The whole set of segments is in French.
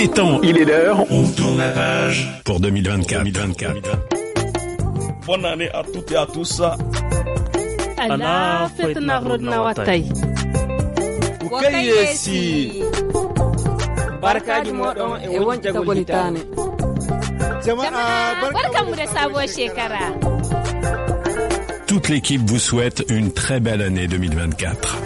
Il est temps, il est l'heure. On tourne la page pour 2024. 2024. Bonne année à toutes et à tous. Allah fitna rodna watay. Barka di modon e wonja e golitane. Jama'a barkamu da sabuwar shekara. Toute l'équipe vous souhaite une très belle année 2024.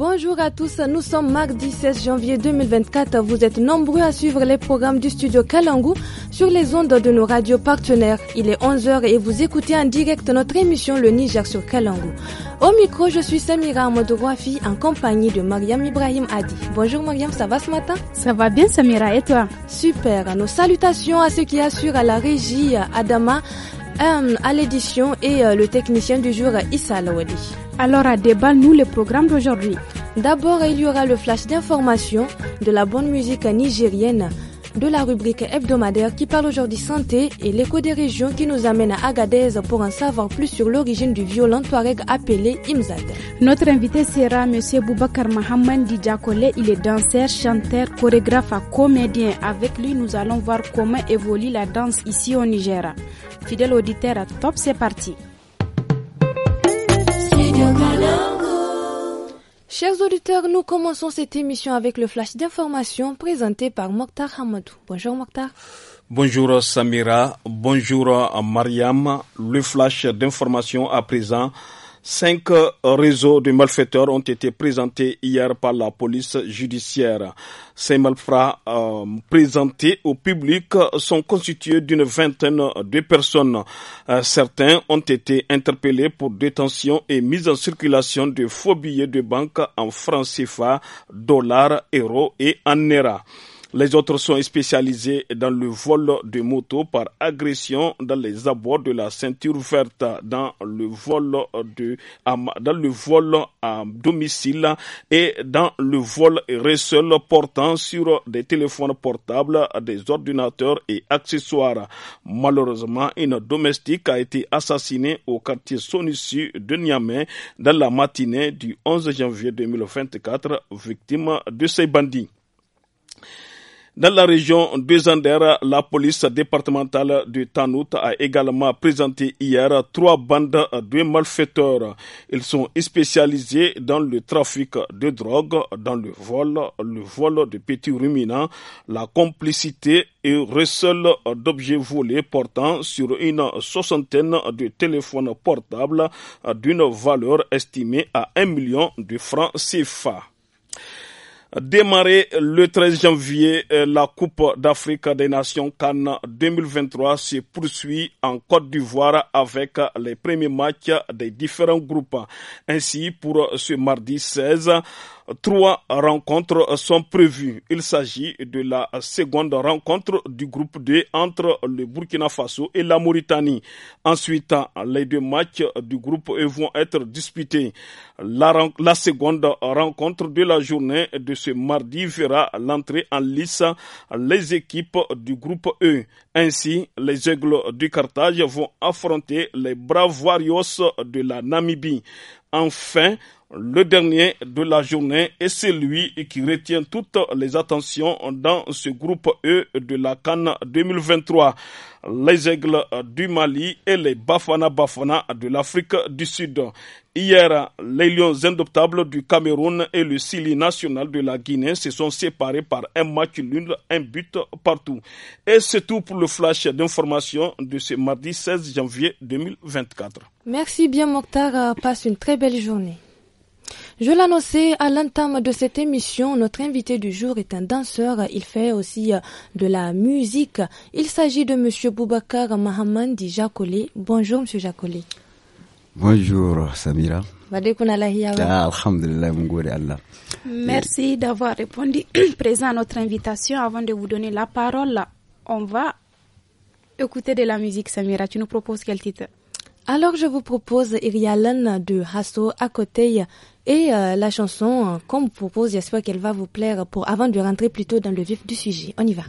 Bonjour à tous, nous sommes mardi 16 janvier 2024. Vous êtes nombreux à suivre les programmes du studio Kalangu sur les ondes de nos radios partenaires. Il est 11h et vous écoutez en direct notre émission Le Niger sur Kalangu. Au micro, je suis Samira Amadouafi en compagnie de Mariam Ibrahim Adi. Bonjour Mariam, ça va ce matin Ça va bien Samira et toi Super, nos salutations à ceux qui assurent à la régie Adama euh, à l'édition et euh, le technicien du jour Issa Lawadi. Alors à débat, nous le programme d'aujourd'hui. D'abord, il y aura le flash d'information de la bonne musique nigérienne de la rubrique hebdomadaire qui parle aujourd'hui santé et l'écho des régions qui nous amène à Agadez pour en savoir plus sur l'origine du violent Touareg appelé Imzad. Notre invité sera M. Boubacar Mohamed Didjakole. Il est danseur, chanteur, chorégraphe, comédien. Avec lui, nous allons voir comment évolue la danse ici au Niger. Fidèle auditeur, top, c'est parti. Chers auditeurs, nous commençons cette émission avec le flash d'information présenté par Mokhtar Hamadou. Bonjour Mokhtar. Bonjour Samira, bonjour Mariam. Le flash d'information à présent Cinq réseaux de malfaiteurs ont été présentés hier par la police judiciaire. Ces malfrats euh, présentés au public sont constitués d'une vingtaine de personnes. Euh, certains ont été interpellés pour détention et mise en circulation de faux billets de banque en francs CFA, dollars, euros et en les autres sont spécialisés dans le vol de moto par agression dans les abords de la ceinture verte, dans le vol de, dans le vol à domicile et dans le vol seul portant sur des téléphones portables, des ordinateurs et accessoires. Malheureusement, une domestique a été assassinée au quartier Sonissu de Niamey dans la matinée du 11 janvier 2024, victime de ces bandits. Dans la région de Zander, la police départementale de Tanout a également présenté hier trois bandes de malfaiteurs. Ils sont spécialisés dans le trafic de drogue, dans le vol, le vol de petits ruminants, la complicité et recel d'objets volés portant sur une soixantaine de téléphones portables d'une valeur estimée à 1 million de francs CFA démarrer le 13 janvier euh, la Coupe d'Afrique des Nations Cannes 2023 se poursuit en Côte d'Ivoire avec les premiers matchs des différents groupes. Ainsi, pour ce mardi 16, trois rencontres sont prévues. Il s'agit de la seconde rencontre du groupe D entre le Burkina Faso et la Mauritanie. Ensuite, les deux matchs du groupe E vont être disputés. La, seconde rencontre de la journée de ce mardi verra l'entrée en lice les équipes du groupe E. Ainsi, les Aigles du Carthage vont affronter les Bravoarios de la Namibie. Enfin, le dernier de la journée est celui qui retient toutes les attentions dans ce groupe E de la Cannes 2023. Les aigles du Mali et les Bafana Bafana de l'Afrique du Sud. Hier, les Lions indoptables du Cameroun et le Sili national de la Guinée se sont séparés par un match nul, un but partout. Et c'est tout pour le flash d'information de ce mardi 16 janvier 2024. Merci bien Mokhtar, euh, passe une très belle journée. Je l'annonçais à l'entame de cette émission, notre invité du jour est un danseur. Il fait aussi euh, de la musique. Il s'agit de Monsieur Boubacar Mahamandi Jacoli. Bonjour Monsieur Jacoli. Bonjour Samira. Ah, Merci d'avoir répondu présent à notre invitation. Avant de vous donner la parole, on va écouter de la musique Samira. Tu nous proposes quel titre alors je vous propose Irialan de Hasso à côté et euh, la chanson euh, qu'on vous propose, j'espère qu'elle va vous plaire pour avant de rentrer plutôt dans le vif du sujet. On y va.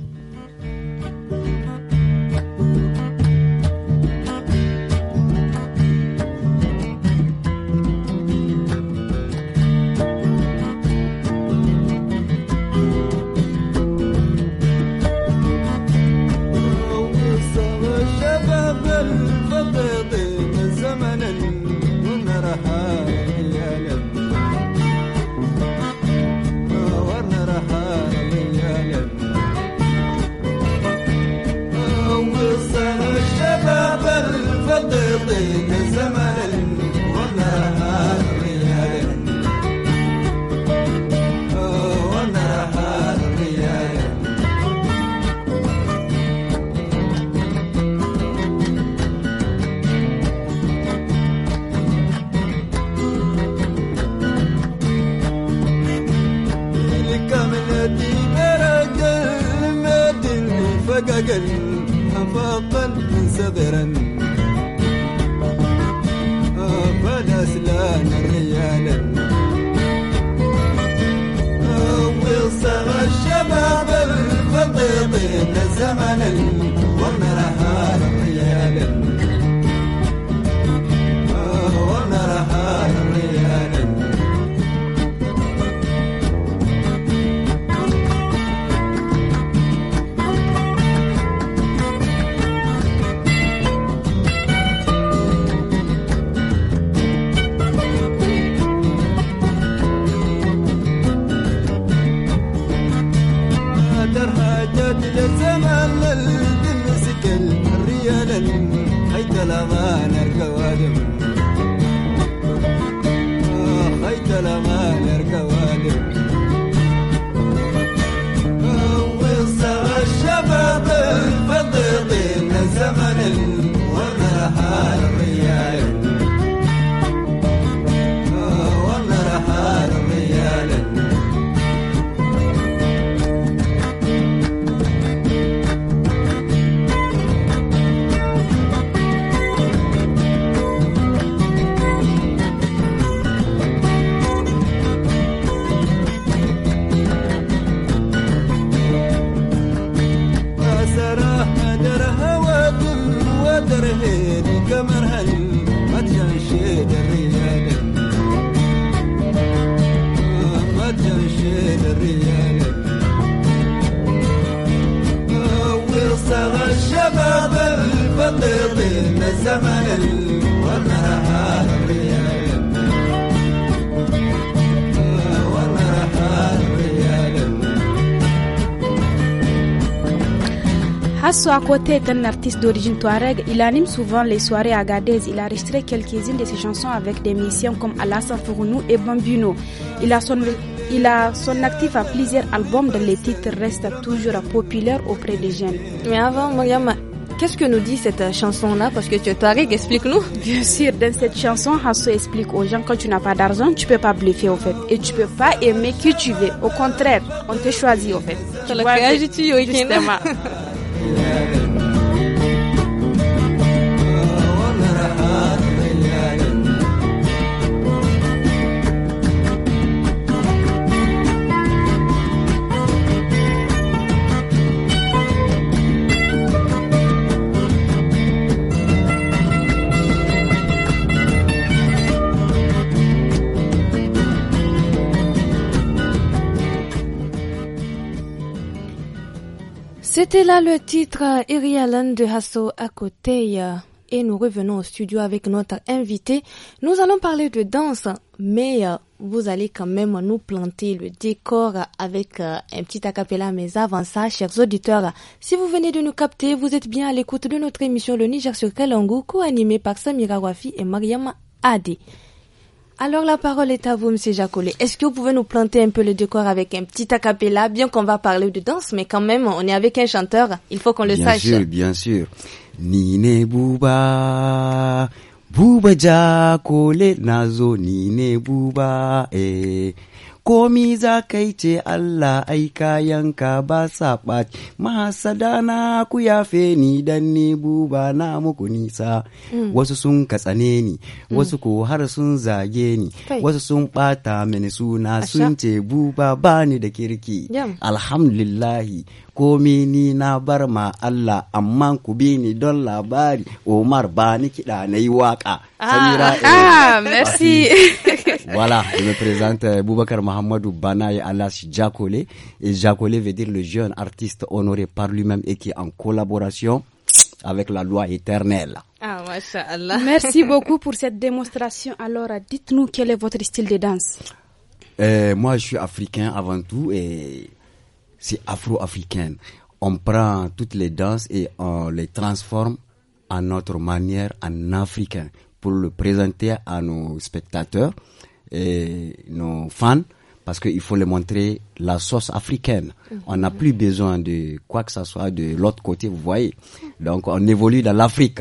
Hasso à côté d'un artiste d'origine touareg, il anime souvent les soirées à Gadez. Il a enregistré quelques-unes de ses chansons avec des musiciens comme Alassane Fourounou et Bambino. Il a son il a son actif à plusieurs albums dont les titres restent toujours populaires auprès des jeunes. Mais avant, Mariam, qu'est-ce que nous dit cette chanson-là Parce que tu es Touareg, explique-nous. Bien sûr, dans cette chanson, Hasso explique aux gens que quand tu n'as pas d'argent, tu ne peux pas bluffer en fait. Et tu ne peux pas aimer qui tu veux. Au contraire, on te choisit en fait. Tu vois, justement. Yeah. C'était là le titre euh, Eri Allen de Hasso à côté. Euh, et nous revenons au studio avec notre invité. Nous allons parler de danse, mais euh, vous allez quand même nous planter le décor avec un petit acapella. Mais avant ça, chers auditeurs, si vous venez de nous capter, vous êtes bien à l'écoute de notre émission Le Niger sur Kalangu, co-animée par Samira Wafi et Mariam Adé. Alors la parole est à vous, M. Jacolet. Est-ce que vous pouvez nous planter un peu le décor avec un petit acapella, bien qu'on va parler de danse, mais quand même, on est avec un chanteur, il faut qu'on le sache. Bien sûr, bien sûr. Nine Bouba, Bouba Jacolet, Nazo, Nine Bouba, eh. komi za ka yi ce Allah ai kayanka ba sa ɓaci mahasada na ku yafe ni dan ni buba na muku nisa mm. wasu sun katsane ni mm. wasu ko har sun zage ni wasu sun ɓata mini suna sun ce buba ba ni da kirki alhamdulillahi komi Allah Kubini Omar ba ah, eh, ah merci. voilà, je me présente euh, Boubacar Mohamedou Banaye Allah Jakole. Et Jakole veut dire le jeune artiste honoré par lui-même et qui est en collaboration avec la loi éternelle. Ah, Merci beaucoup pour cette démonstration. Alors, dites-nous quel est votre style de danse euh, Moi, je suis africain avant tout et c'est afro africain On prend toutes les danses et on les transforme à notre manière en africain pour le présenter à nos spectateurs et nos fans parce qu'il faut les montrer la sauce africaine. On n'a plus besoin de quoi que ce soit de l'autre côté, vous voyez. Donc on évolue dans l'Afrique.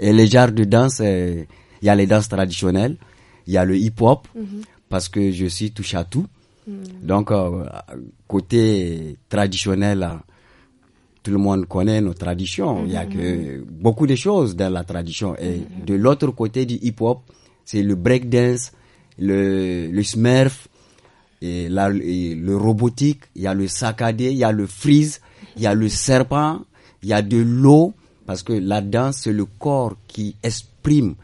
Et les genres de danse, euh, il y a les danses traditionnelles, il y a le hip-hop, mhm. parce que je suis tout à tout. Donc, euh, côté traditionnel, euh, tout le monde connaît nos traditions. Il y a que beaucoup de choses dans la tradition. Et de l'autre côté du hip-hop, c'est le breakdance, le, le smurf, et, le robotique, il y a le saccadé, il y a le freeze, il y a le serpent, il y a de l'eau, parce que la danse, c'est le corps qui exprime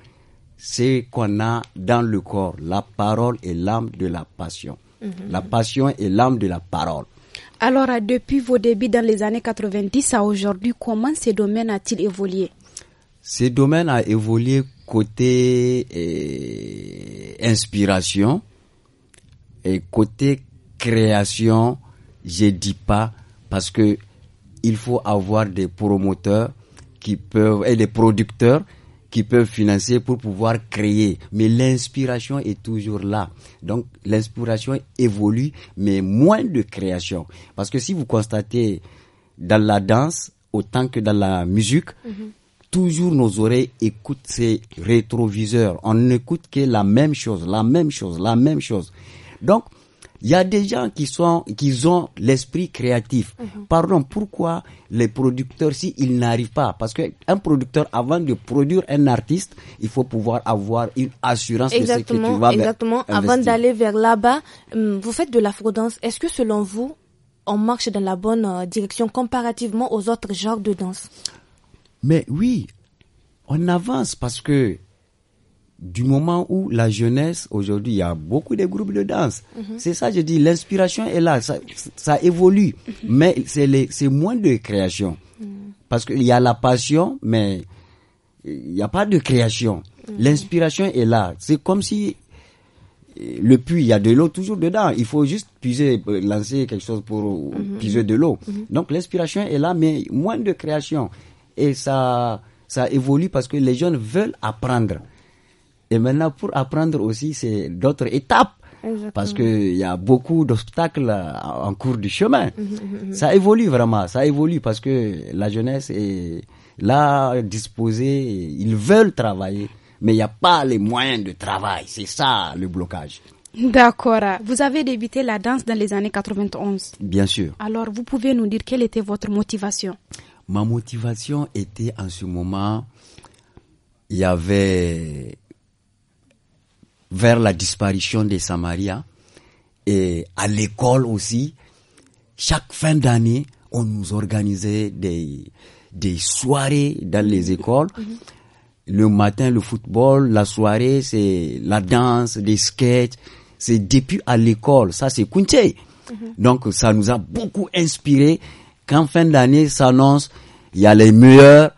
ce qu'on a dans le corps, la parole et l'âme de la passion. Mhm. La passion est l'âme de la parole. Alors, euh, depuis vos débuts dans les années 90 à aujourd'hui, comment ce domaine a-t-il évolué Ce domaine a évolué côté euh, inspiration et côté création, je dis pas parce que il faut avoir des promoteurs qui peuvent et des producteurs qui peuvent financer pour pouvoir créer. Mais l'inspiration est toujours là. Donc l'inspiration évolue, mais moins de création. Parce que si vous constatez dans la danse, autant que dans la musique, mhm. toujours nos oreilles écoutent ces rétroviseurs. On n'écoute que la même chose, la même chose, la même chose. Donc, il y a des gens qui sont, qui ont l'esprit créatif. Parlons mhm. Pardon, pourquoi les producteurs, s'ils n'arrivent pas? Parce que un producteur, avant de produire un artiste, il faut pouvoir avoir une assurance de ce que tu vas Exactement. Avant d'aller vers là-bas, hum, vous faites de la fraudance. Est-ce que selon vous, on marche dans la bonne euh, direction comparativement aux autres genres de danse? Mais oui, on avance parce que du moment où la jeunesse, aujourd'hui, il y a beaucoup de groupes de danse. Mhm. C'est ça, je dis, l'inspiration est là, ça, évolue, mhm. mais c'est moins de création. Mhm. Parce qu'il y a la passion, mais il n'y a pas de création. L'inspiration est là. C'est comme si euh, le puits, il y a de l'eau toujours dedans. Il faut juste puiser, euh, lancer quelque chose pour puiser de l'eau. Donc l'inspiration est là, mais moins de création. Et ça, ça évolue parce que les jeunes veulent apprendre. Et maintenant, pour apprendre aussi, c'est d'autres étapes. Parce qu'il y a beaucoup d'obstacles en cours du chemin. Ça évolue vraiment, ça évolue parce que la jeunesse est là, disposée, ils veulent travailler, mais il n'y a pas les moyens de travail. C'est ça le blocage. D'accord. Vous avez débuté la danse dans les années 91. Bien sûr. Alors, vous pouvez nous dire quelle était votre motivation Ma motivation était en ce moment, il y avait vers la disparition des Samaria. Et à l'école aussi, chaque fin d'année, on nous organisait des, des soirées dans les écoles. Mhm. Le matin, le football, la soirée, c'est la danse, des skates. C'est depuis à l'école, ça c'est couté, mhm. Donc ça nous a beaucoup inspiré. Qu'en fin d'année s'annonce, il y a les meilleurs,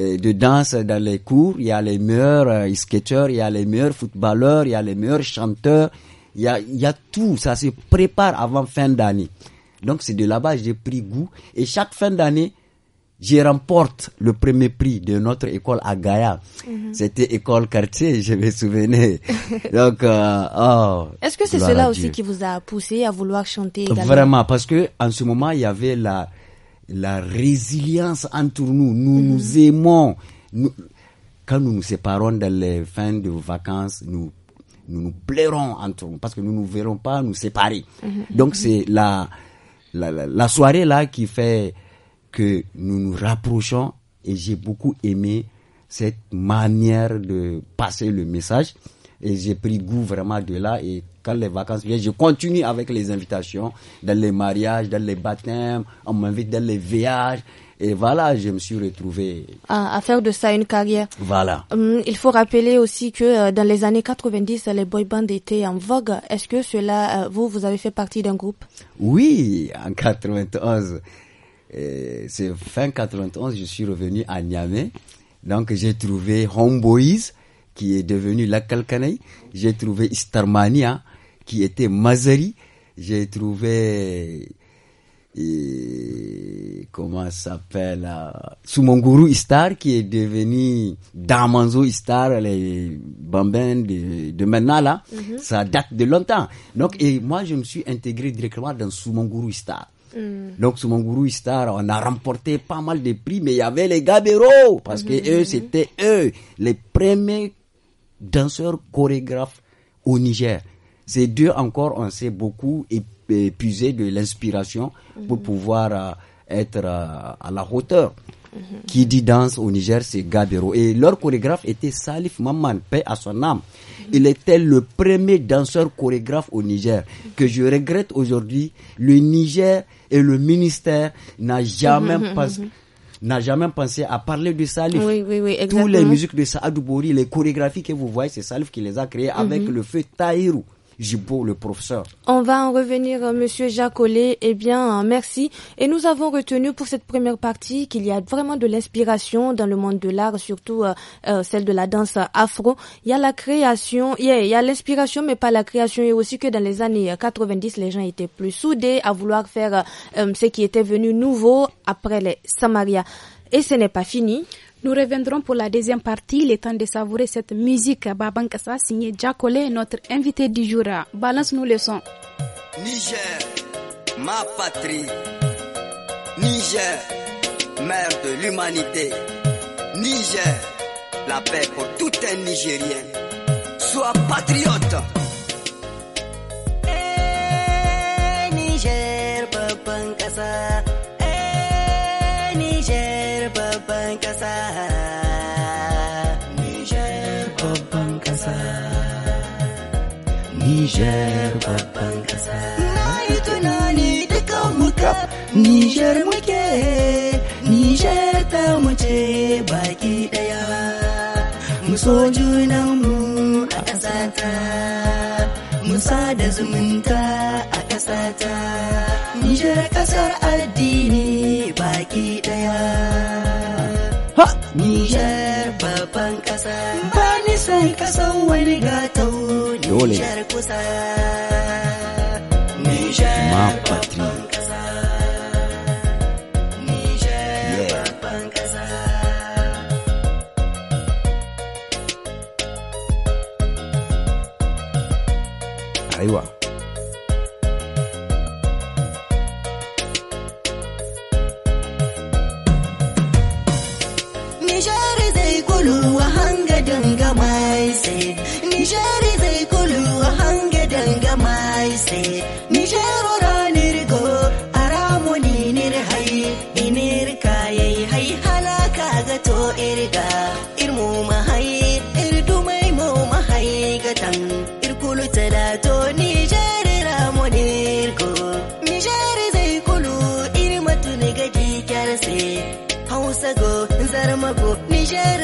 euh, de danse dans les cours, il y a les meilleurs euh, skateurs, il y a les meilleurs footballeurs, il y a les meilleurs chanteurs, il y a, il y a tout, ça se prépare avant fin d'année. Donc c'est de là-bas j'ai pris goût et chaque fin d'année, j'ai remporte le premier prix de notre école à Gaïa. Mhm. C'était école quartier, je me souvenais. Donc, euh, oh, Est-ce que c'est cela aussi qui vous a poussé à vouloir chanter également? Vraiment, parce que en ce moment, il y avait la, la résilience entre nous. Nous nous aimons. Nous, quand nous nous séparons dans les fins de vacances, nous nous, plairons entre nous parce que nous ne nous verrons pas nous séparer. Mhm. Donc c'est la, la, soirée là qui fait que nous nous rapprochons et j'ai beaucoup aimé cette manière de passer le message et j'ai pris goût vraiment de là et les vacances je continue avec les invitations dans les mariages, dans les baptêmes, on m'invite dans les voyages. Et voilà, je me suis retrouvé. à faire de ça une carrière. Voilà. Hum, il faut rappeler aussi que euh, dans les années 90, les boy bands étaient en vogue. Est-ce que cela, euh, vous, vous avez fait partie d'un groupe Oui, en 91. C'est fin 91, je suis revenu à Niamey. Donc j'ai trouvé Homeboys, qui est devenu la Kalkanei. J'ai trouvé Starmania qui était Mazari. J'ai trouvé euh, comment s'appelle euh, mon Istar qui est devenu Damanzo Istar les bambins de, de maintenant là mhm. ça date de longtemps donc et moi je me suis intégré directement dans mon Istar Star. Mm. Donc, Soumanguru Istar, on a remporté pas mal de prix, mais il y avait les Gabero, parce que mhm. eux, c'était eux, les premiers danseurs chorégraphes au Niger. Ces deux encore, on s'est beaucoup épuisé de l'inspiration pour mhm. pouvoir euh, être euh, à la hauteur. Mhm. Qui dit danse au Niger, c'est Gabero. Et leur chorégraphe était Salif Maman, paix à son âme. Mhm. Il était le premier danseur chorégraphe au Niger. Que je regrette aujourd'hui, le Niger et le ministère n'a jamais pensé n'a jamais pensé à parler de Salif. Oui, Toutes les musiques de Saadou Bori, les chorégraphies que vous voyez, c'est Salif qui les a créées avec le feu Tahirou le professeur. On va en revenir, euh, Monsieur Jacolet. Eh bien, euh, merci. Et nous avons retenu pour cette première partie qu'il y a vraiment de l'inspiration dans le monde de l'art, surtout euh, celle de la danse afro. Il y a la création, il y a l'inspiration, mais pas la création. Et aussi que dans les années 90, les gens étaient plus soudés à vouloir faire ce qui était venu nouveau après les Samaria. Et ce n'est pas fini. Nous reviendrons pour la deuxième partie, Il est temps de savourer cette musique Babankasa signée Jacole, notre invité du jour. Balance-nous le son. Niger, ma patrie. Niger, mère de l'humanité. Niger, la paix pour tout un Nigérien. Sois patriote. Eh, Niger, Babankasa. Nijar babban ƙasa. Na yi tunani duka muka Nijar muke, Nijar ta muce baki ɗaya. Mu so mu a ƙasata, mu sa da zumunta a ƙasata. Nijar ƙasar addini baki ɗaya. Nijar babban ƙasa. Ba nisan ƙasan wani gatau. Nijar kusa. Nijar babban kulu wa hanga danga mai sai nishari zai kulu wa hanga danga mai sai nisharo ranir go nir hai inir hai halaka ga to irga irmu mahai irdu mai gatan irkulu talato go zai kulu irmatu Hausa go zarmago Nijar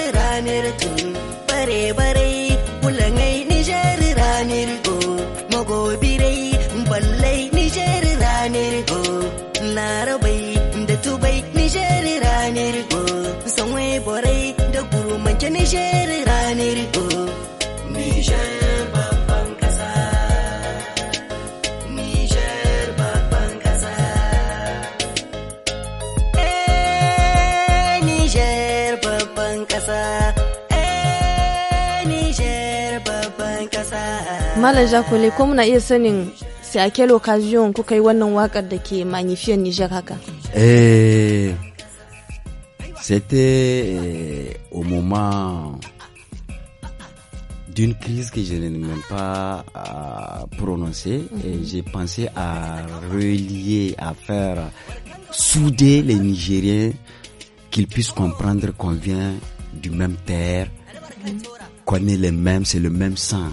Nijar ranar ko. Nijar babban kasa Nijar babban ƙasa. Eh Nijar babban ƙasa. Eh Nijar babban ƙasa. Malam Jakole ko muna iya sanin sai a quelle occasion kuka yi wannan wakar da ke magnifier Niger haka? Eh, c'était eh, au moment d'une crise que je n'ai même pas euh, prononcée. Et mhm. j'ai pensé à relier, à faire souder les Nigériens qu'ils puissent comprendre qu'on vient du même terre, mhm. qu'on est les mêmes, c'est le même sang.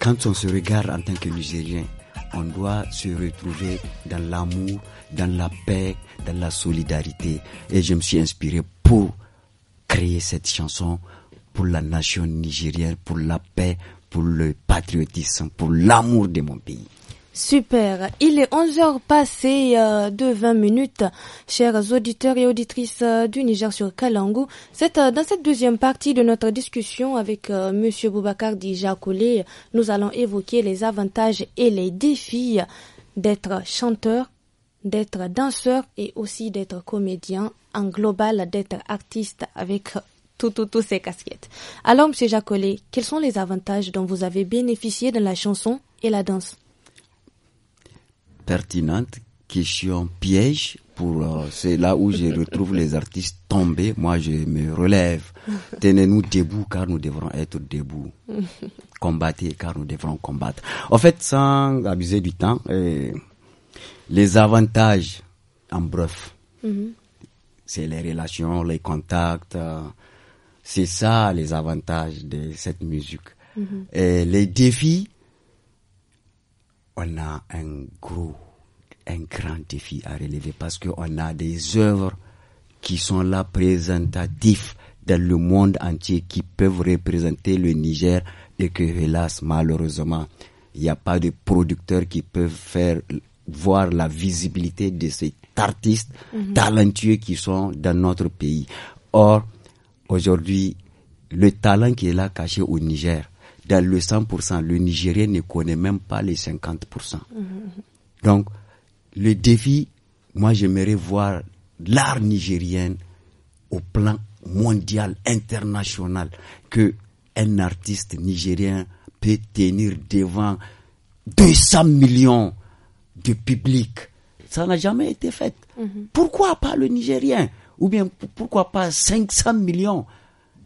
Quand on se regarde en tant que Nigérien, on doit se retrouver dans l'amour, dans la paix, dans la solidarité. Et je me suis inspiré pour Créer cette chanson pour la nation nigérienne, pour la paix, pour le patriotisme, pour l'amour de mon pays. Super, il est 11h passé euh, de 20 minutes. Chers auditeurs et auditrices euh, du Niger sur Kalangu, c'est euh, dans cette deuxième partie de notre discussion avec Monsieur Boubacar Dijakoulé, nous allons évoquer les avantages et les défis d'être chanteur d'être danseur et aussi d'être comédien, en global d'être artiste avec toutes tout, ces casquettes. Alors, Monsieur Jacollet, quels sont les avantages dont vous avez bénéficié dans la chanson et la danse Pertinente question piège pour euh, c'est là où je retrouve les artistes tombés. Moi, je me relève. Tenez-nous debout car nous devrons être debout. Combattez car nous devrons combattre. En fait, sans abuser du temps. Les avantages, en bref, mhm. c'est les relations, les contacts. Euh, c'est ça les avantages de cette musique. Mhm. Et les défis, on a un gros, un grand défi à relever parce qu'on a des œuvres qui sont là présentatives dans le monde entier qui peuvent représenter le Niger et que hélas malheureusement il n'y a pas de producteurs qui peuvent faire voir la visibilité de ces artistes mhm. talentueux qui sont dans notre pays. Or, aujourd'hui, le talent qui est là caché au Niger, dans le 100%, le Nigérien ne connaît même pas les 50%. Mhm. Donc, le défi, moi j'aimerais voir l'art nigérien au plan mondial, international, que un artiste nigérien peut tenir devant 200 millions public. Ça n'a jamais été fait. Mhm. Pourquoi pas le Nigérien Ou bien pourquoi pas 500 millions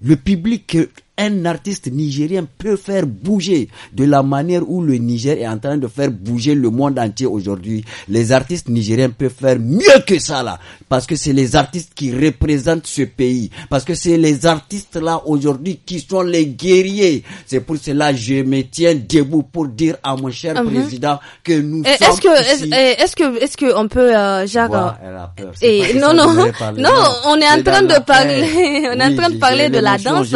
Le public euh, un artiste nigérien peut faire bouger de la manière où le Niger est en train de faire bouger le monde entier aujourd'hui. Les artistes nigériens peuvent faire mieux que ça là, parce que c'est les artistes qui représentent ce pays, parce que c'est les artistes là aujourd'hui qui sont les guerriers. C'est pour cela que je me tiens debout pour dire à mon cher mhm. président que nous et sommes est-ce que est-ce que est-ce que on peut euh, euh Et, non non non, on est en train de parler, on est en train de parler de la danse.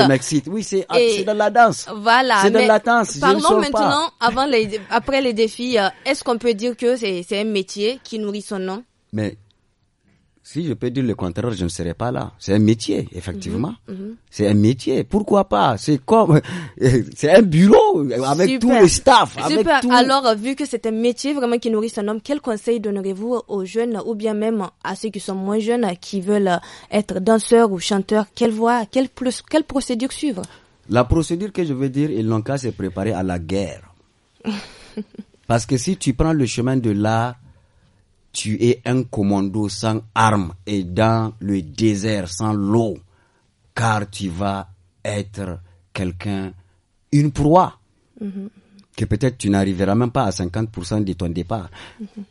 Oui, c'est ah, dans la danse. Voilà. C'est dans la danse. Parlons maintenant, avant les, après les défis, euh, est-ce qu'on peut dire que c'est un métier qui nourrit son nom Mais si je peux dire le contraire, je ne serais pas là. C'est un métier, effectivement. Mhm, mhm. C'est un métier. Pourquoi pas C'est comme, c'est un bureau avec tous tout le staff. Alors, vu que c'est un métier vraiment qui nourrit son homme, quel conseil donnerez-vous aux jeunes ou bien même à ceux qui sont moins jeunes qui veulent être danseurs ou chanteurs Quelle voie, plus quelle procédure suivre la procédure que je veux dire, ils n'ont qu'à se préparer à la guerre. Parce que si tu prends le chemin de là, tu es un commando sans armes et dans le désert sans l'eau, car tu vas être quelqu'un, une proie, mhm. que peut-être tu n'arriveras même pas à 50% de ton départ. Mhm.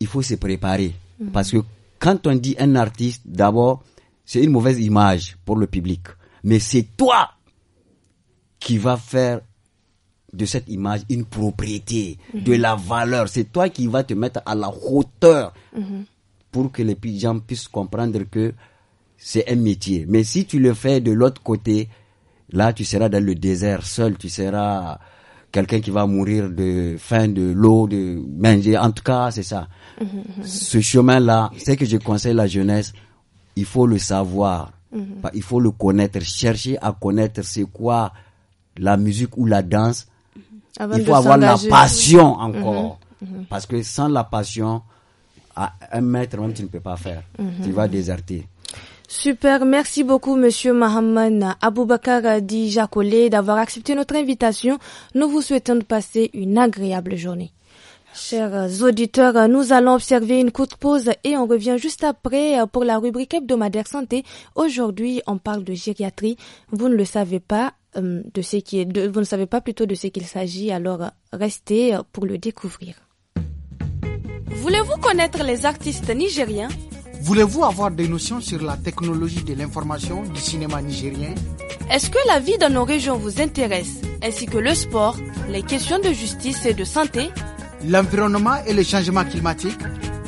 Il faut se préparer, mhm. parce que quand on dit un artiste, d'abord, c'est une mauvaise image pour le public. Mais c'est toi qui va faire de cette image une propriété, mhm. de la valeur. C'est toi qui vas te mettre à la hauteur mhm. pour que les gens puissent comprendre que c'est un métier. Mais si tu le fais de l'autre côté, là tu seras dans le désert seul, tu seras quelqu'un qui va mourir de faim, de l'eau, de manger. En tout cas, c'est ça. Mhm, Ce chemin-là, c'est que je conseille la jeunesse, il faut le savoir. Il faut le connaître, chercher à connaître c'est quoi la musique ou la danse, il faut avoir la passion encore. Mhm. Mhm. Parce que sans la passion, à un mètre même, tu ne peux pas faire. Mhm. Tu vas déserter. Super, merci beaucoup Monsieur Mahaman Aboubakar Jacolé, d'avoir accepté notre invitation. Nous vous souhaitons de passer une agréable journée. Chers auditeurs, nous allons observer une courte pause et on revient juste après pour la rubrique hebdomadaire santé. Aujourd'hui, on parle de gériatrie. Vous ne le savez pas, euh, de ce qui vous ne savez pas plutôt de ce qu'il s'agit, alors restez pour le découvrir. Voulez-vous connaître les artistes nigériens Voulez-vous avoir des notions sur la technologie de l'information du cinéma nigérien Est-ce que la vie dans nos régions vous intéresse, ainsi que le sport, les questions de justice et de santé L'environnement et le changement climatique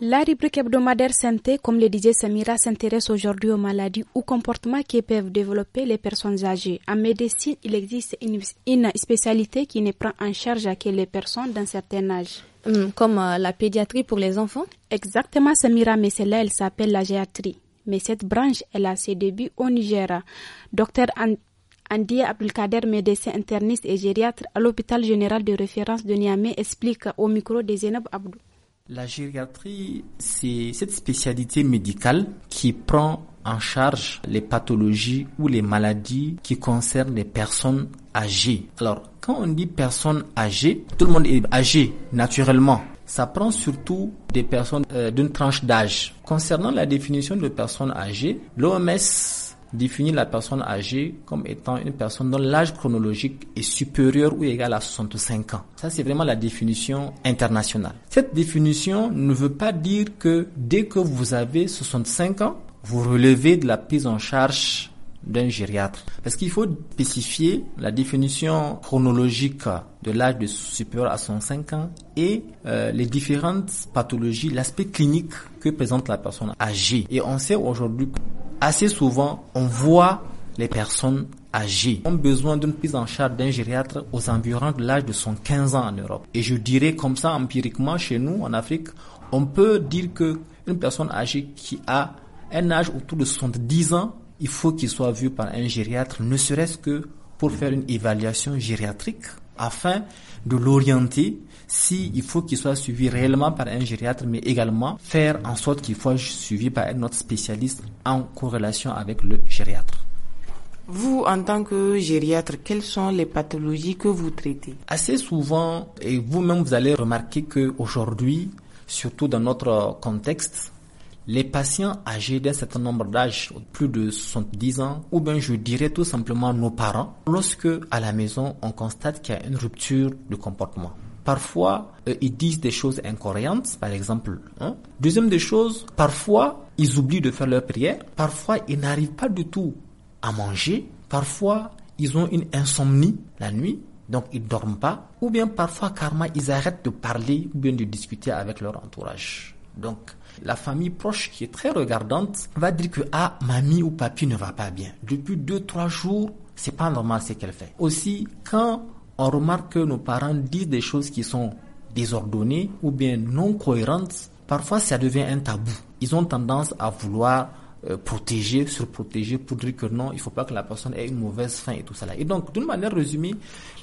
La rubrique hebdomadaire santé, comme le disait Samira, s'intéresse aujourd'hui aux maladies ou comportements qui peuvent développer les personnes âgées. En médecine, il existe une, spécialité qui ne prend en charge que les personnes d'un certain âge. Hum, comme euh, la pédiatrie pour les enfants Exactement, Samira, mais celle-là, elle s'appelle la géatrie. Mais cette branche, elle a ses débuts au Niger. Docteur Andy Abdelkader, médecin interniste et gériatre à l'hôpital général de référence de Niamey, explique au micro de Zénob Abdou. La gériatrie, c'est cette spécialité médicale qui prend en charge les pathologies ou les maladies qui concernent les personnes âgées. Alors, quand on dit personnes âgées, tout le monde est âgé naturellement. Ça prend surtout des personnes euh, d'une tranche d'âge. Concernant la définition de personnes âgées, l'OMS définir la personne âgée comme étant une personne dont l'âge chronologique est supérieur ou égal à 65 ans. Ça, c'est vraiment la définition internationale. Cette définition ne veut pas dire que dès que vous avez 65 ans, vous relevez de la prise en charge d'un gériatre. Parce qu'il faut spécifier la définition chronologique de l'âge de supérieur à 65 ans et euh, les différentes pathologies, l'aspect clinique que présente la personne âgée. Et on sait aujourd'hui assez souvent, on voit les personnes âgées ont besoin d'une prise en charge d'un gériatre aux environs de l'âge de 115 ans en Europe. Et je dirais comme ça, empiriquement, chez nous, en Afrique, on peut dire que une personne âgée qui a un âge autour de 70 ans, il faut qu'il soit vu par un gériatre, ne serait-ce que pour faire une évaluation gériatrique afin de l'orienter si il faut qu'il soit suivi réellement par un gériatre, mais également faire en sorte qu'il soit suivi par un autre spécialiste en corrélation avec le gériatre. Vous, en tant que gériatre, quelles sont les pathologies que vous traitez Assez souvent, et vous-même vous allez remarquer que surtout dans notre contexte, les patients âgés d'un certain nombre d'âges, plus de 70 ans, ou bien je dirais tout simplement nos parents, lorsque à la maison on constate qu'il y a une rupture de comportement, Parfois, euh, ils disent des choses incohérentes, par exemple. Hein. Deuxième des choses, parfois, ils oublient de faire leur prière. Parfois, ils n'arrivent pas du tout à manger. Parfois, ils ont une insomnie la nuit. Donc, ils dorment pas. Ou bien, parfois, karma, ils arrêtent de parler ou bien de discuter avec leur entourage. Donc, la famille proche qui est très regardante va dire que ah mamie ou papy ne va pas bien depuis deux trois jours c'est pas normal ce qu'elle fait aussi quand on remarque que nos parents disent des choses qui sont désordonnées ou bien non cohérentes. Parfois, ça devient un tabou. Ils ont tendance à vouloir euh, protéger, se protéger, pour dire que non, il ne faut pas que la personne ait une mauvaise faim et tout ça. Et donc, d'une manière résumée,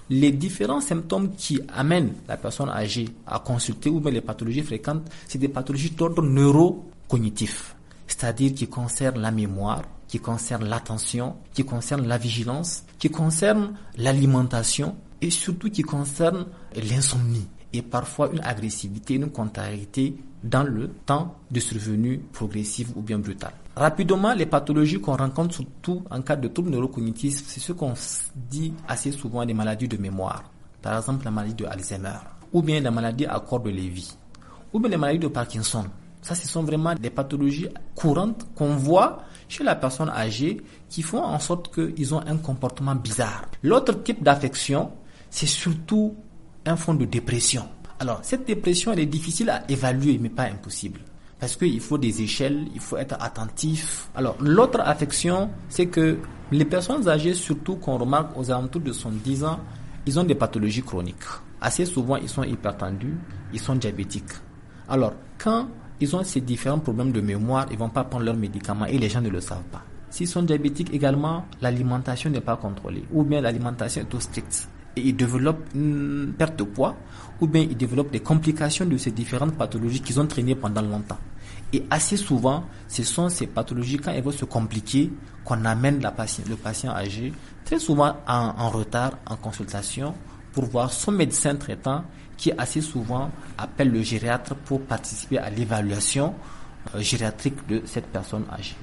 les différents symptômes qui amènent la personne âgée à consulter ou bien les pathologies fréquentes, c'est des pathologies d'ordre neurocognitif, c'est-à-dire qui concernent la mémoire, qui concernent l'attention, qui concernent la vigilance, qui concernent l'alimentation, surtout qui concerne l'insomnie et parfois une agressivité, une contrariété dans le temps de survenue progressive ou bien brutale. Rapidement, les pathologies qu'on rencontre surtout en cas de troubles neurocognitifs, c'est ce qu'on dit assez souvent des maladies de mémoire. Par exemple, la maladie de Alzheimer, ou bien la maladie à corps de Lévy, ou bien la maladie de Parkinson. Ça, ce sont vraiment des pathologies courantes qu'on voit chez la personne âgée qui font en sorte qu'ils ont un comportement bizarre. L'autre type d'affection, c'est surtout un fond de dépression. Alors, cette dépression, elle est difficile à évaluer, mais pas impossible. Parce qu'il faut des échelles, il faut être attentif. Alors, l'autre affection, c'est que les personnes âgées, surtout qu'on remarque aux alentours de 70 ans, ils ont des pathologies chroniques. Assez souvent, ils sont hypertendus, ils sont diabétiques. Alors, quand ils ont ces différents problèmes de mémoire, ils vont pas prendre leurs médicaments et les gens ne le savent pas. S'ils sont diabétiques également, l'alimentation n'est pas contrôlée ou bien l'alimentation est trop stricte et ils développent une perte de poids ou bien il développe des complications de ces différentes pathologies qu'ils ont traînées pendant longtemps. Et assez souvent, ce sont ces pathologies, quand elles vont se compliquer, qu'on amène le patient âgé très souvent en, retard en consultation pour voir son médecin traitant qui assez souvent appelle le gériatre pour participer à l'évaluation euh, gériatrique de cette personne âgée.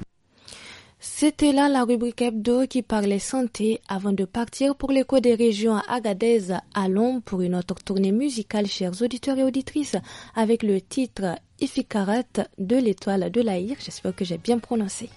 C'était là la rubrique hebdo qui parlait santé avant de partir pour l'écho des régions à Agadez. Londres pour une autre tournée musicale, chers auditeurs et auditrices, avec le titre Ifikarat de l'étoile de l'Aïr. J'espère que j'ai bien prononcé.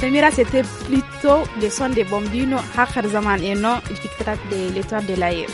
Samira, c'était plutôt le son des Bombino, Hakhar Zaman et non il de l'étoile de l'air.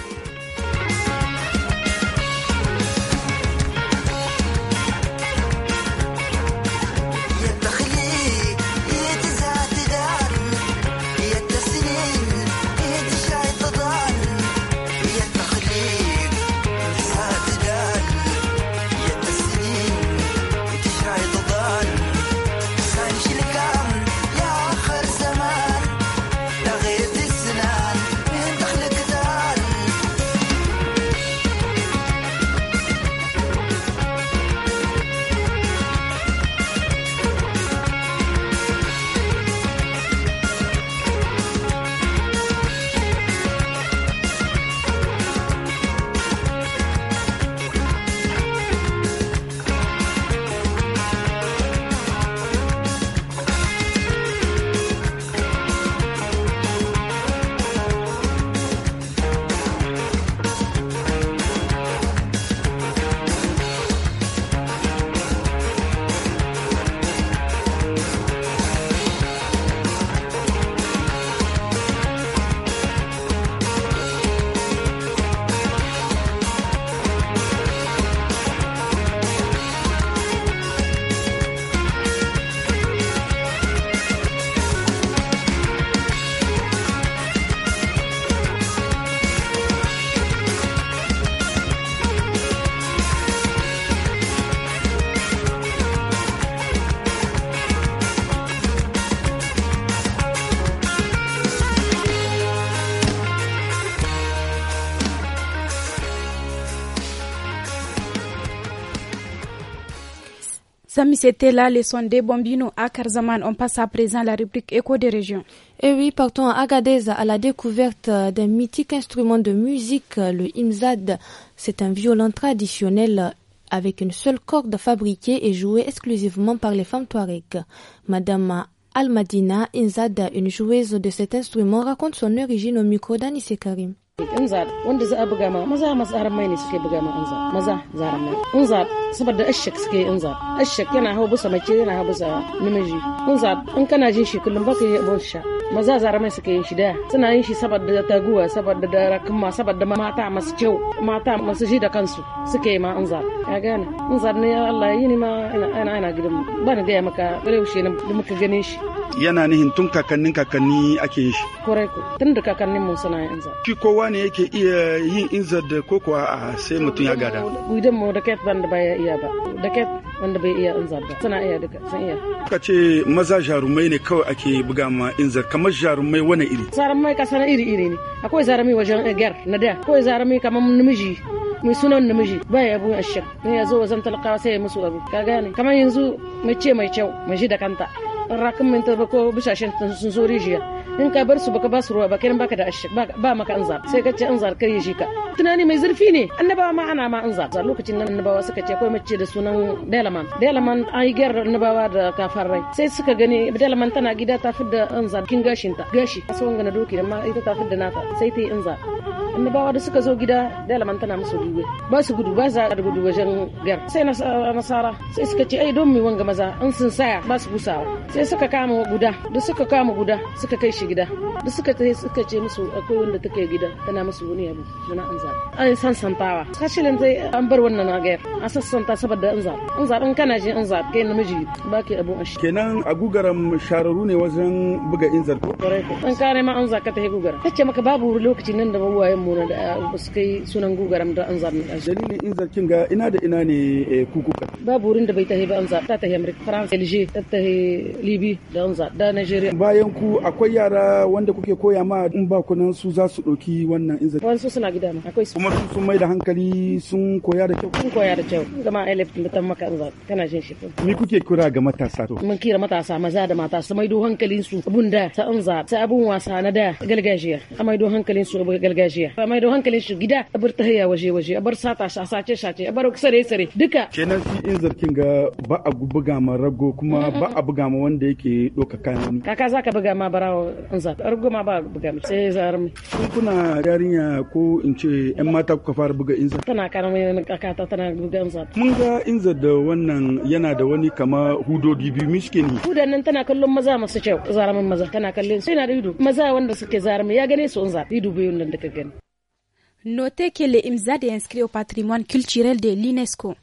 Samy, c'était les sons des Bambino à Karzaman. On passe à présent à la rubrique Écho des régions. Eh oui, partons à Agadez à la découverte d'un mythique instrument de musique, le Imzad. C'est un violon traditionnel avec une seule corde fabriquée et jouée exclusivement par les femmes Touareg. Madame Almadina Inzad, une joueuse de cet instrument, raconte son origine au micro d'Anissé Karim. in wanda za a buga ma maza masu ne ma maza saboda suke yana hau bisa mace yana hau bisa kana jin shi kullum baka yi abun sha maza zaran a suke yin shi da suna yin shi saboda taguwa saboda da rakuma saboda mata masu kyau mata masu ji da kansu suke ma in ya gane in za ne Allah yi ni ma ana ana gidan ba ni gaya maka bare ushe da muka gane shi yana nihin tun kakannin kakanni ake yin shi Kwarai ko tun da kakannin mun suna yin kowa ne yake iya yin inzar da ko a sai mutum ya gada Gudun mu da ket wanda baya iya ba da ket wanda bai iya inzar ba suna iya duka sun iya Kuka ce maza jarumai ne kawai ake buga ma inzar kamar jarumai wani iri zarumai kasa na iri iri ne akwai jarumai wajen gar na da akwai jarumai kamar namiji mai sunan namiji ba ya bu ashir ne ya zo wajen talakawa sai ya musu abu ka gane kamar yanzu mai ce mai kyau mai shi da kanta rakin mintar ba ko bisashen sun so rijiya in ka bar su baka ba su ruwa ba kiran baka da ba maka anzar sai ka ce anzar kar yi shi ka tunani mai zurfi ne annabawa ma ana ma anzar a lokacin nan annabawa suka ce akwai mace da sunan delaman delaman an yi gyara annabawa da kafarai sai suka gani delaman tana gida ta fidda anzar kin gashin ta gashi a tsawon gana doki amma ita ta fidda nata sai ta yi anzar annabawa da suka zo gida delaman tana musu duwe ba su gudu ba za a gudu wajen gyar sai ah, nasara sai suka ce ai don mi wanga maza an sun saya ba su gusawa sai suka kama guda da suka kama guda suka kai shi gida duk suka tafi suka ce musu akwai wanda take gida tana musu wani abu muna an zaɓa an san santawa kashin ta an bar wannan na gayar an sassanta saboda an zaɓa an zaɓa kana ji an zaɓa kai namiji ba ke abu an shi kenan a gugaran shararu ne wajen buga in zarto an kare ma an ka ta he gugara kace maka babu lokaci nan da babuwayen mu da eh, su kai sunan gugaran da an zaɓa dalilin in zarkin ga ina da ina ne eh, kukuka babu wurin da bai he ba an zaɓa ta he amurka faransa alger ta he libi da an zaɓa da nigeria bayan ku akwai yara yara wanda kuke koya ma in ba ku nan su za su ɗauki wannan inzali. Wasu suna gida ma akwai su. Kuma su sun mai da hankali sun koya da kyau. Sun koya da kyau. Zama elef ta maka in tana jin shi. Ni kuke kira ga matasa to. Mun kira matasa maza da mata su maido hankalin su abun da ta anza ta abun wasa na da galgajiya. A maido hankalin su abun galgajiya. A maido hankalin su gida a bar tahiya waje waje a bar sata sace sace a bar sare sare duka. Kenan shi in zarkin ga ba a buga ma rago kuma ba a buga ma wanda yake ɗauka kayan. Kaka za ka buga ma barawo an zaɓi arguma ba buga mace sai zarumi. kun kuna yarinya ko in ce yan mata kuka fara buga inzar. tana karamin kakata tana buga inzar. mun ga inza da wannan yana da wani kama hudodi biyu miske ni. hudan nan tana kallon maza masu kyau min maza tana kallon su yana da ido maza wanda suke zarumi ya gane su in zaɓi ido biyu nan da ka gani Notez que le IMSA de inscrit au patrimoine culturel de l'UNESCO.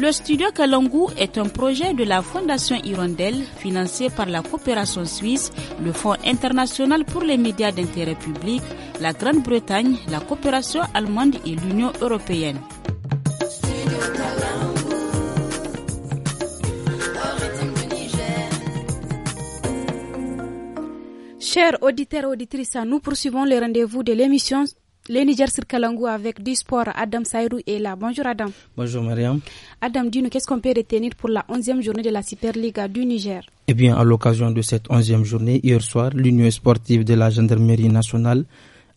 Le studio Kalangu est un projet de la Fondation Hirondelle financé par la coopération suisse, le Fonds international pour les médias d'intérêt public, la Grande-Bretagne, la coopération allemande et l'Union européenne. Chers auditeurs et auditrices, nous poursuivons le rendez-vous de l'émission le Niger sur avec du sport. Adam Saïrou est là. Bonjour Adam. Bonjour Mariam. Adam, dis-nous qu'est-ce qu'on peut retenir pour la 11e journée de la Superliga du Niger Eh bien, à l'occasion de cette 11e journée, hier soir, l'Union sportive de la Gendarmerie nationale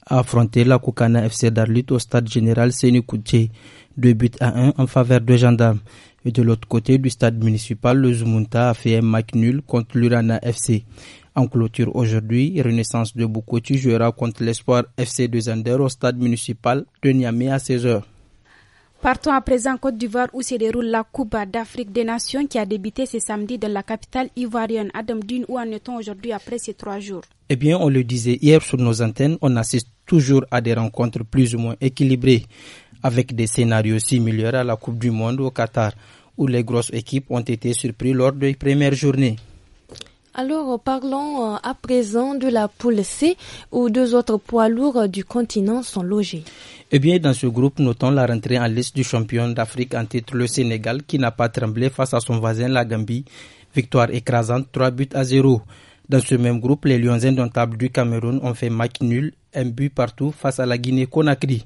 a affronté la Koukana FC Darlut au stade général Sénékoutché. Deux buts à un en faveur de gendarmes. Et de l'autre côté du stade municipal, le Zumunta a fait un match nul contre l'Urana FC. En clôture aujourd'hui, Renaissance de Bukoti jouera contre l'Espoir FC de au stade municipal de Niamey à 16h. Partons à présent en Côte d'Ivoire où se déroule la Coupe d'Afrique des Nations qui a débuté ce samedi dans la capitale ivoirienne. Adam Dune, où en est-on aujourd'hui après ces trois jours Eh bien, on le disait hier sur nos antennes, on assiste toujours à des rencontres plus ou moins équilibrées avec des scénarios similaires à la Coupe du Monde au Qatar où les grosses équipes ont été surprises lors des premières journées. Alors parlons euh, à présent de la poule C où deux autres poids lourds euh, du continent sont logés. Eh bien, dans ce groupe, notons la rentrée en liste du champion d'Afrique en titre, le Sénégal, qui n'a pas tremblé face à son voisin, la Gambie. Victoire écrasante, 3 buts à 0. Dans ce même groupe, les Lions indomptables du Cameroun ont fait match nul, un but partout face à la Guinée-Conakry.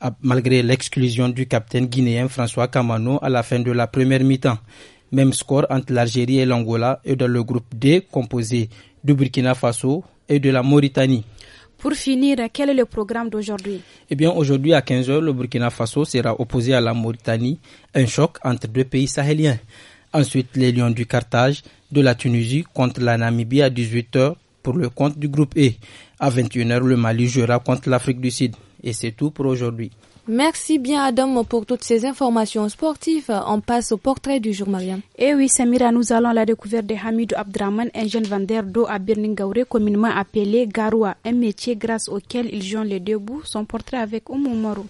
Ah, malgré l'exclusion du capitaine guinéen François Kamano à la fin de la première mi-temps. Même score entre l'Algérie et l'Angola et dans le groupe D composé du Burkina Faso et de la Mauritanie. Pour finir, quel est le programme d'aujourd'hui Eh bien, aujourd'hui à 15h, le Burkina Faso sera opposé à la Mauritanie, un choc entre deux pays sahéliens. Ensuite, les Lions du Carthage de la Tunisie contre la Namibie à 18h pour le compte du groupe E. À 21h, le Mali jouera contre l'Afrique du Sud. Et c'est tout pour aujourd'hui. Merci bien Adam pour toutes ces informations sportives. On passe au portrait du jour, Mariam. Eh oui, Samira, nous allons à la découverte de Hamidou Abdraman, un jeune vendeur d'eau à Birningaure, communément appelé Garoua, un métier grâce auquel il joint les deux bouts. Son portrait avec Moro.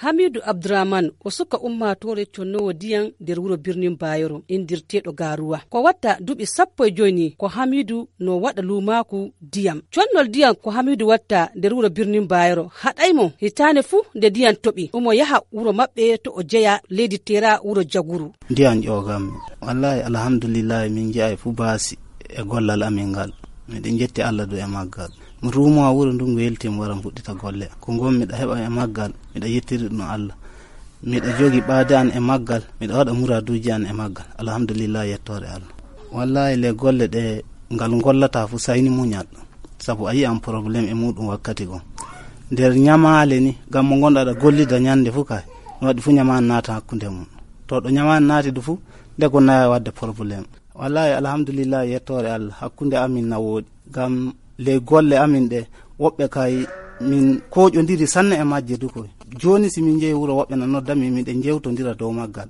hamidu abdourahman o suka ummatore connowo diyan nder wuro birnin bayero indirteɗo garuwa ko watta duuɓi sappo e joyni ko hamidu no waɗa lumaku diyam connol diyan ko hamidu watta nder wuro birnin bayero haɗaymo hitane fuu nde diyan toɓi omo yaha wuro maɓɓe to o jeya leydi tera wuro jaguru ndiyan ƴogam wallahi alhamdulillahi min jeyay fuu baasi e gollal amin ngal miɗen jetti allah do e maggal rumowa wuro ndu welti wara mbuɗɗita golle ko ngon miɗa heɓa e maggal miɗa yettiri ɗum allah miɗa jogi ɓaade an e maggal miɗa waɗa muraduji an e maggal alhamdulillah yettore allah wallahi le golle ɗe ngal gollata fo sayni muñal saabu a yiyan probléme e muɗum wakkati gon nder ñamale ni gam mo gonɗa aɗa gollida ñande fo kay no waɗi fo ñamani naata hakkude mum to ɗo ñamani naati du fu nde ko nawa wadde probléme wallahi alhamdulillah yettore allah hakkude amin nawoɗi gam ley golle amin ɗe woɓɓe kay min koƴodiri sanne e majje dukoy joni si min jeehi wuuro woɓɓe na noddami miɗe jewtodira dow maggal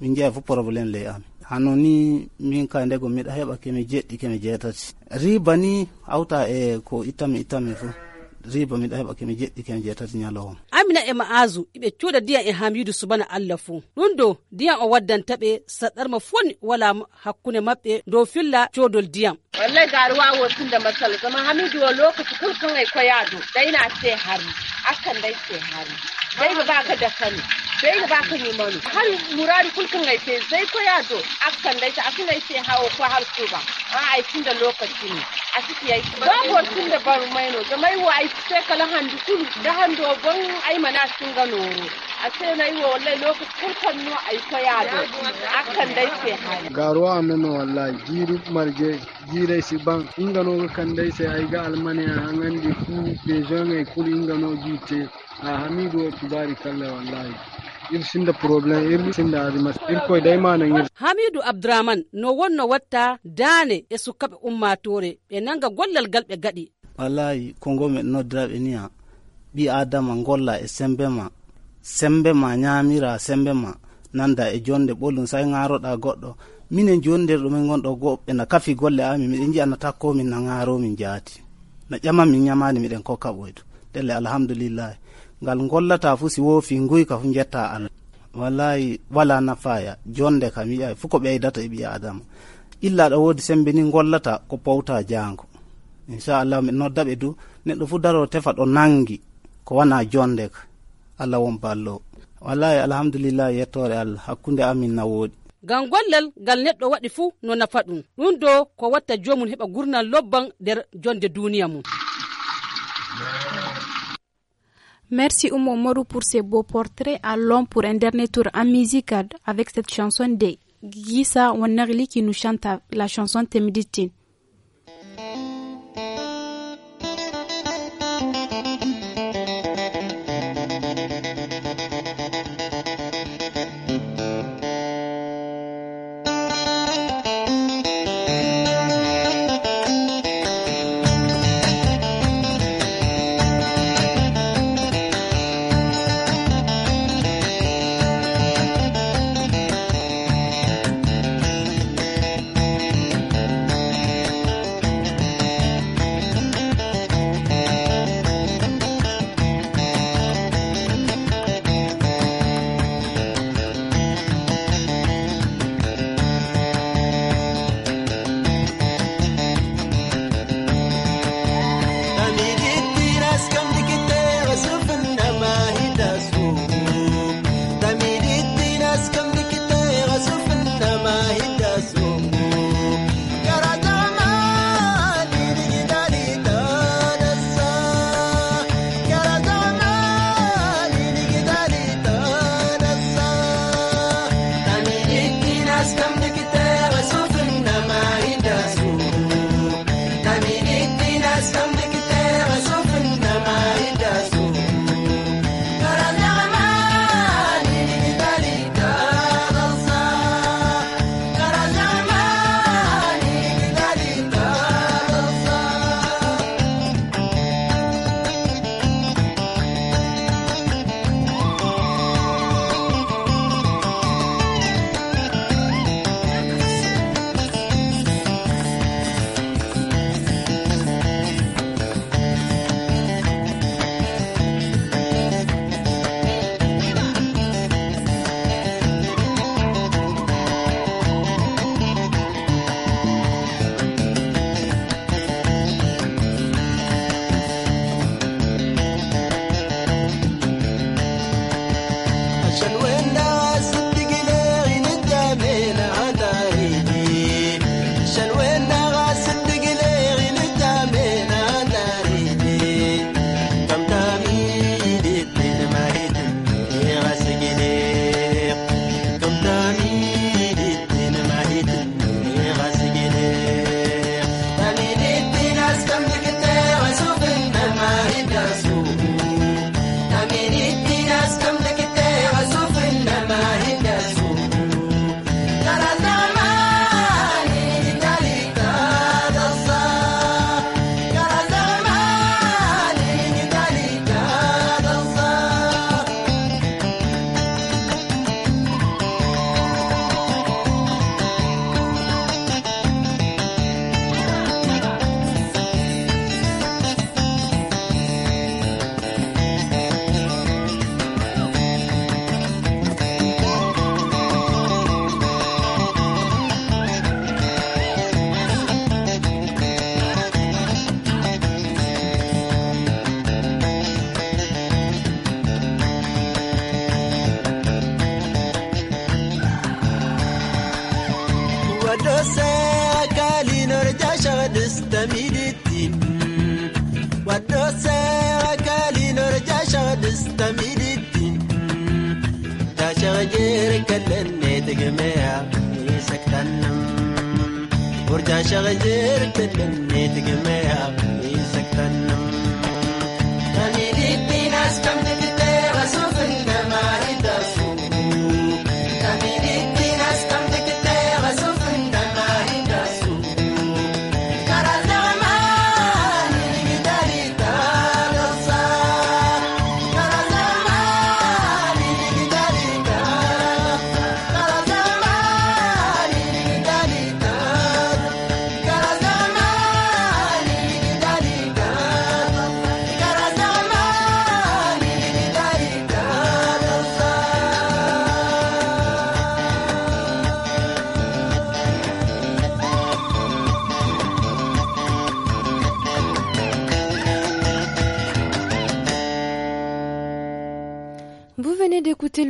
min jeeya fof probléme ley amin hano ni min ka ndego miɗa heɓa kemi jeɗɗi kemi jeetati riba ni hawta e ko ittami ittami fuu riba mi ɗaya ɓake mi jeɗɗi ken jeetati ñalowom amina e azu iɓe cuuɗa ndiyan e hamidu subana allah fuu ɗum ɗo diyan o waddanta ɓe saɗɗarma foni wala hakkunde maɓɓe dow filla codol ndiyam wallay gaari wawo tunda masala zama hamidu o lokaci kulkan e koyaado ɗayna se hari akan dai se hari sai ba ka da sani sai ba ka yi manu har murari kulkin ai sai ko ya do akan dai ta akan sai hawo ko har su ba a aikin da lokaci ne a suke yi ba ko tun da bar mai no ga mai wa ai sai kala handu kun da handu ban ai mana sun ga noro a sai na yi wa wallahi lokaci kulkan no ai ko ya a kan dai sai hawo garuwa mema wallahi jiri marje jire si ban no kan dai sai ai ga almaniya an andi ku bejon ai kul ingano jite hamidu Abdraman no wonno watta daane e sukaɓe ummatore ɓe nanga gollal gal ɓe gaɗi wallayi kongo min noddiraɓe niya ɓi adama golla e sembe ma sembe ma nyamira sembe ma nanda e jonde ɓolum sai garoɗa goɗɗo minen joni nder ɗumin gonɗo goɓɓe na kafi golle ami miɗen anata na takkomin na ngaro min jaati na jama min ñamani miɗen kokka ɓoydu ɗelle alhamdulillahi ngal gollata fu si woofi nguy ka fu jetta allah wallayi wala nafaya jonde kam yiya fu ko ɓeydata e ɓi adama illa ɗo woodi sembe ni gollata ko powta jango inchallah min nodda ɓe du neɗɗo fu daro tefa ɗo nangi ko wana jonde ka allah won ballo wallayi alhamdulillahi yettore allah hakkude amin na wooɗi ngam gollal ngal neɗɗo waɗi fuu no nafa ɗum ɗum do ko watta jomum heɓa gurnal lobban nder jonde duniya mum Merci Oumou Morou pour ces beaux portraits. Allons pour un dernier tour en avec cette chanson de Gisa Wanagli qui nous chante la chanson Temiditine.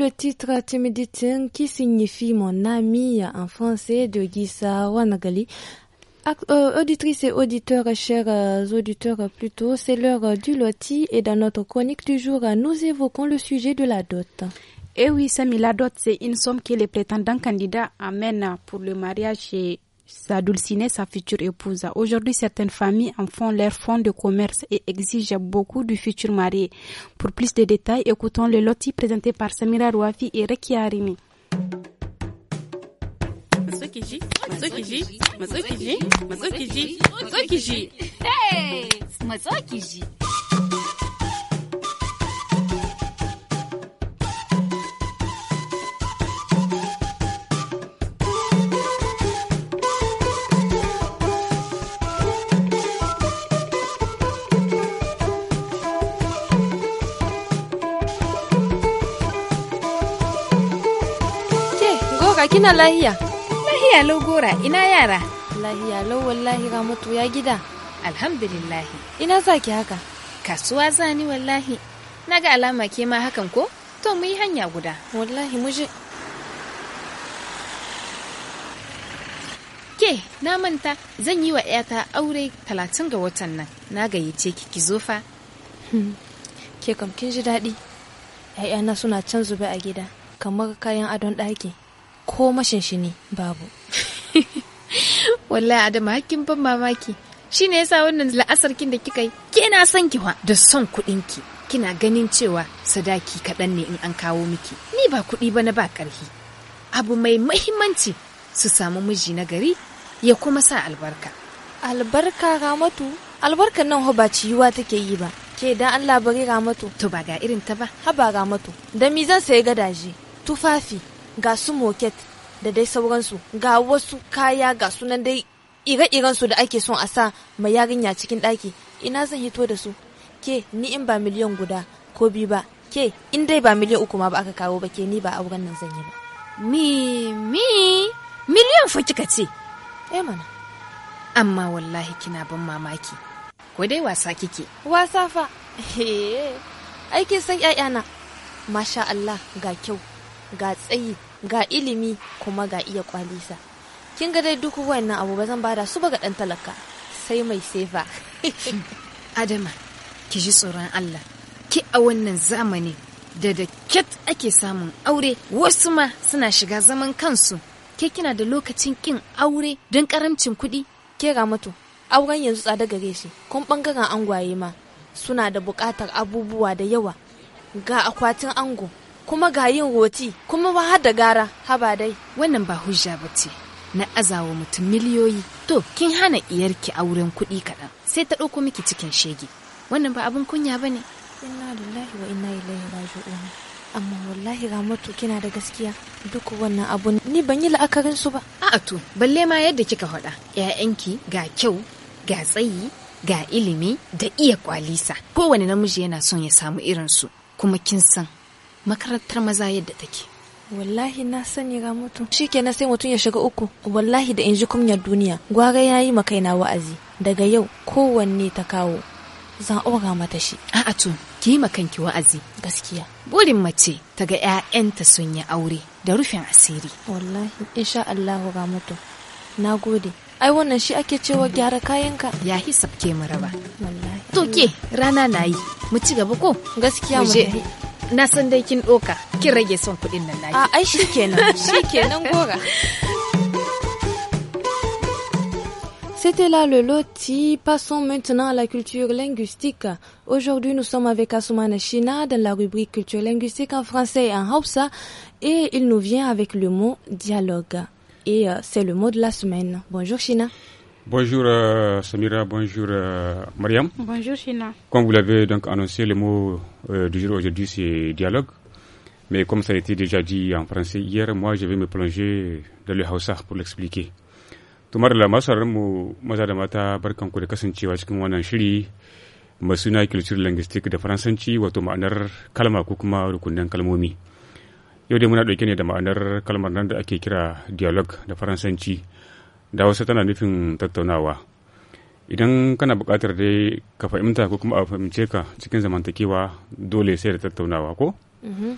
le titre Timiditin qui signifie mon ami en français de Gisa Wanagali. Euh, auditrices et auditeurs, chers euh, auditeurs plutôt, c'est l'heure euh, du loti et dans notre chronique du jour, nous évoquons le sujet de la dot. Eh oui, Samy, la dot, c'est une somme que les prétendants candidats amènent pour le mariage chez sa dulcinée, sa future épouse. Aujourd'hui, certaines familles en font leur fonds de commerce et exigent beaucoup du futur mari. Pour plus de détails, écoutons le loti présenté par Samira Rouafi et Rekia Arimi. Hey ka kina lahiya? Lahiya lau gora ina yara. Lahiya lau wallahi mutu ya gida. Alhamdulillahi. Ina za ki haka? Kasuwa zani wallahi. Na ga alama ke ma hakan ko? To mu yi hanya guda. Wallahi mu je. Ke, na manta zan yi wa ‘yata aure talatin ga watan nan. Na gayyace ki ki zo fa. Hmm. Ke kam kin ji daɗi. ‘Ya'yana suna can zube a gida, kamar kayan adon ɗaki. ko mashinshini babu wallahi adama hakkin ban mamaki shine ne yasa wannan la'asarkin da kika yi kina son kiwa da son kuɗinki kina ganin cewa sadaki kaɗan ne in an kawo miki ni ba kuɗi ba na ba ƙarfi abu mai mahimmanci su samu miji na gari ya kuma sa albarka albarka ramatu albarkar nan ba ciyuwa take yi ba ke dan Allah bari ramatu to ba ga irin ta ba haba ramatu da mi zan sayi gadaje tufafi ga su moket da dai sauransu ga wasu kaya ga sunan dai ire-iren su da ake son a sa ma yarinya cikin ɗaki ina zan hito da su ke ni in ba miliyan guda ko bi ba ke in dai ba miliyan uku ma ba aka kawo ba ke ni ba auren nan zan yi ba mi mi miliyan fa kika ce eh mana amma wallahi kina ban mamaki ko dai wasa kike wasa fa ai ke san ƴaƴana masha Allah ga kyau ga tsayi ga ilimi kuma ga iya kwalisa kin ga dai duk wannan abu ba zan bada su ba ga dan talaka sai mai sefa adama ki ji tsoron Allah ki a wannan zamani da da ket ake samun aure wasu ma suna shiga zaman kansu ke kina da lokacin kin aure don karamcin kuɗi ke ga mutu auren yanzu tsada gare shi kun bangaren angwaye ma suna da buƙatar abubuwa da yawa ga akwatin ango kuma ga yin woti kuma ba har da gara haba dai wannan ba hujja ba ce na azawa mutum miliyoyi to kin hana iyarki a wurin kuɗi kaɗan sai ta ɗauko miki cikin shege wannan ba abin kunya ba ne inna lillahi wa inna ilaihi raji'un amma wallahi kina da gaskiya duk wannan abun ni ban yi la'akarin su ba a'a to balle ma yadda kika faɗa Ya'yanki, ga kyau ga tsayi ga ilimi da iya kwalisa kowane namiji yana son ya samu irin su kuma kin san makarantar maza yadda take wallahi na sani ga mutum shikenan sai mutum ya shiga uku wallahi da in ji kumyar duniya gwara yi ma kaina wa'azi daga yau kowanne ta kawo zan mata shi a'a to ki ma kanki wa'azi gaskiya burin mace ta ga 'ya'yanta sun yi aure da rufin asiri wallahi insha Allah ga mutum gode. ai wannan shi ake cewa gyara kayanka ya hisab sabke mu raba wallahi to ke rana nayi mu ci gaba ko gaskiya mu C'était là le loti. Passons maintenant à la culture linguistique. Aujourd'hui, nous sommes avec Asumana China dans la rubrique culture linguistique en français et en Hausa et il nous vient avec le mot dialogue. Et euh, c'est le mot de la semaine. Bonjour China Bonjour euh, Samira, bonjour euh, Mariam. Bonjour China. Comme vous l'avez donc annoncé, le mot euh, du jour aujourd'hui c'est dialogue. Mais comme ça a été déjà dit en français hier, moi je vais me plonger dans le Hausa pour l'expliquer. Tomar la masar mu maza da mata barkanku da kasancewa cikin wannan shiri mai culture linguistique da faransanci wato ma'anar kalma ko kuma rukunin kalmomi. Yau dai muna ɗauke ne da ma'anar kalmar nan da ake kira dialogue da faransanci. da wasu tana nufin tattaunawa idan kana buƙatar dai ka fahimta ko kuma a fahimce ka cikin zamantakewa dole sai da tattaunawa ko mm-hmm.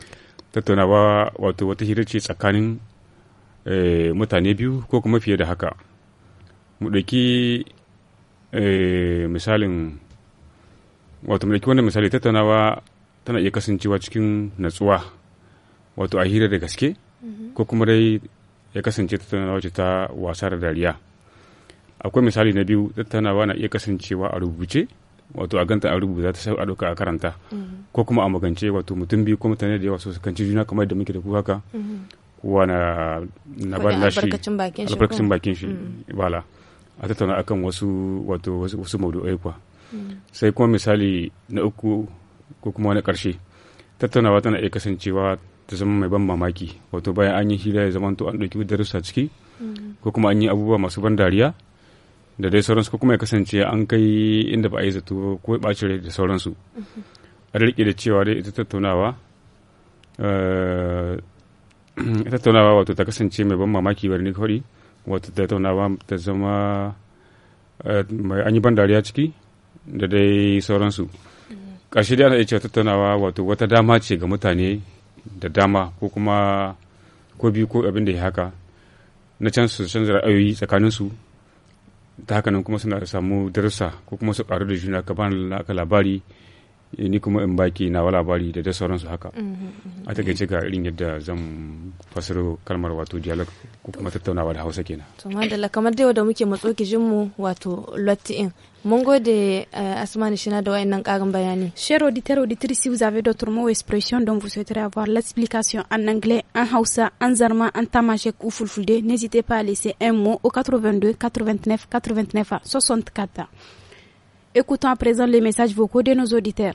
tattaunawa wato wata hira ce tsakanin eh, mutane biyu ko kuma fiye da haka mu ɗauki eh, misalin wato mu ɗauki wannan misali tattaunawa tana iya kasancewa cikin natsuwa wato a hira da gaske mm-hmm. ko kuma dai ya kasance tattaunawa ce ta wasa da dariya akwai misali na biyu tattaunawa na iya kasancewa a rubuce wato a ganta a rubuta ta sai a ɗauka a karanta mm-hmm. ko kuma a magance wato mutum biyu ko mutane da yawa su kanci juna kamar da muke da ku haka mm-hmm. kowa na na bar da shi albarkacin bakin shi bala mm-hmm. a tattauna akan wasu wato wasu maudu'ai kuwa sai kuma misali na uku ko kuma na ƙarshe tattaunawa tana iya kasancewa ta zama mai ban mamaki wato bayan an yi hira ya zama to an ɗauki darussa ciki ko kuma an yi abubuwa masu ban dariya da dai sauransu ko kuma ya kasance an kai inda ba a yi zato ko ɓacin rai da sauransu a riƙe da cewa dai ita tattaunawa eh, tattaunawa wato ta kasance mai ban mamaki bari ni kawai wato tattaunawa ta zama eh, mai an yi ban dariya ciki da dai sauransu ƙarshe dai ana iya cewa tattaunawa wato wata dama ce ga mutane da dama ko kuma ko biyu ko abin da ya haka na can su canza ra'ayoyi tsakaninsu ta haka nan kuma suna da samu darussa ko kuma su karu da juna ka ba aka labari ni kuma in baki nawa labari da da sauransu haka mm-hmm, mm-hmm. a takaice ga irin yadda zan fasaro kalmar wato dialog ko kuma tattaunawa da hausa kenan to madalla kamar da yau da muke matso kijinmu wato lotti Mongo de eh, Asmani en Chers auditeurs si vous avez d'autres mots ou expressions dont vous souhaiterez avoir l'explication en anglais, en Hausa, en Zarma, en Tamashek ou Fulfulde, n'hésitez pas à laisser un mot au 82 89 89 à 64. Écoutons à présent les messages vocaux de nos auditeurs.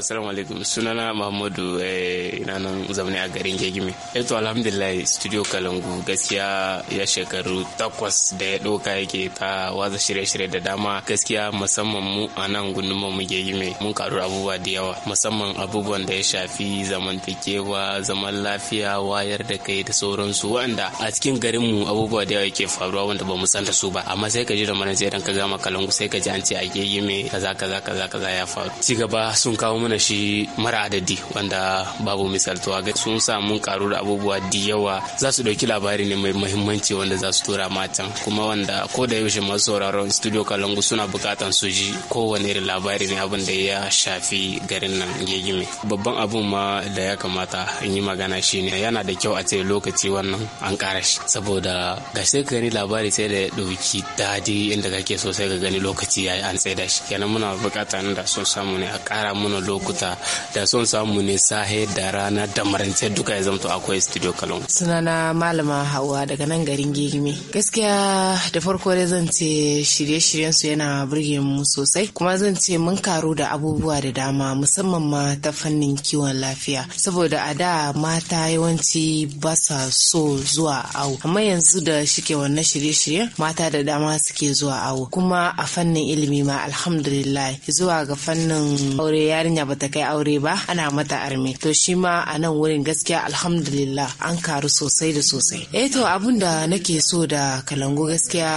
Assalamu alaikum sunana Muhammadu eh, ina nan zaune a garin Gegime. Eto eh, alhamdulillah studio Kalangu gaskiya ya shekaru takwas da ya doka yake ta waza shirye-shirye da dama gaskiya musamman mu a nan gundumar mu Gegime mun karu abubuwa da yawa musamman abubuwan da ya shafi zamantakewa zaman lafiya wayar da kai da sauransu wanda a cikin garin mu abubuwa da yawa yake faruwa wanda ba mu san da su ba amma sai ka ji da mana sai dan ka gama Kalangu sai ka ji an ce a Gegime kaza kaza kaza kaza ya faru ci gaba sun kawo mana shi mara adadi wanda babu misaltuwa ga sun samu karu da abubuwa da yawa za su ɗauki labari ne mai muhimmanci wanda za su tura matan kuma wanda ko da yaushe masu sauraron studio kalangu suna bukatan su ji kowane irin labari ne abin da ya shafi garin nan gegime babban abun ma da ya kamata in yi magana shine yana da kyau a ce lokaci wannan an kara shi saboda ga sai ka gani labari sai da ya ɗauki dadi inda kake so sai ka gani lokaci ya yi an tsaida shi kenan muna bukata da son samu ne a kara mana lokaci lokuta da son samu ne sahe da rana da marance duka ya zamto akwai studio kalon sunana malama hawa daga nan garin gegime gaskiya da farko dai zan ce shirye-shiryen su yana burge mu sosai kuma zan ce mun karu da abubuwa da dama musamman ma ta fannin kiwon lafiya saboda a da mata yawanci ba sa so zuwa awo amma yanzu da shike wannan shirye-shiryen mata da dama suke zuwa awo kuma a fannin ilimi ma alhamdulillah zuwa ga fannin aure yarinya bata kai aure ba ana mata arme to shi ma a nan wurin gaskiya alhamdulillah an karu sosai da sosai eh to abun da nake so da kalangu gaskiya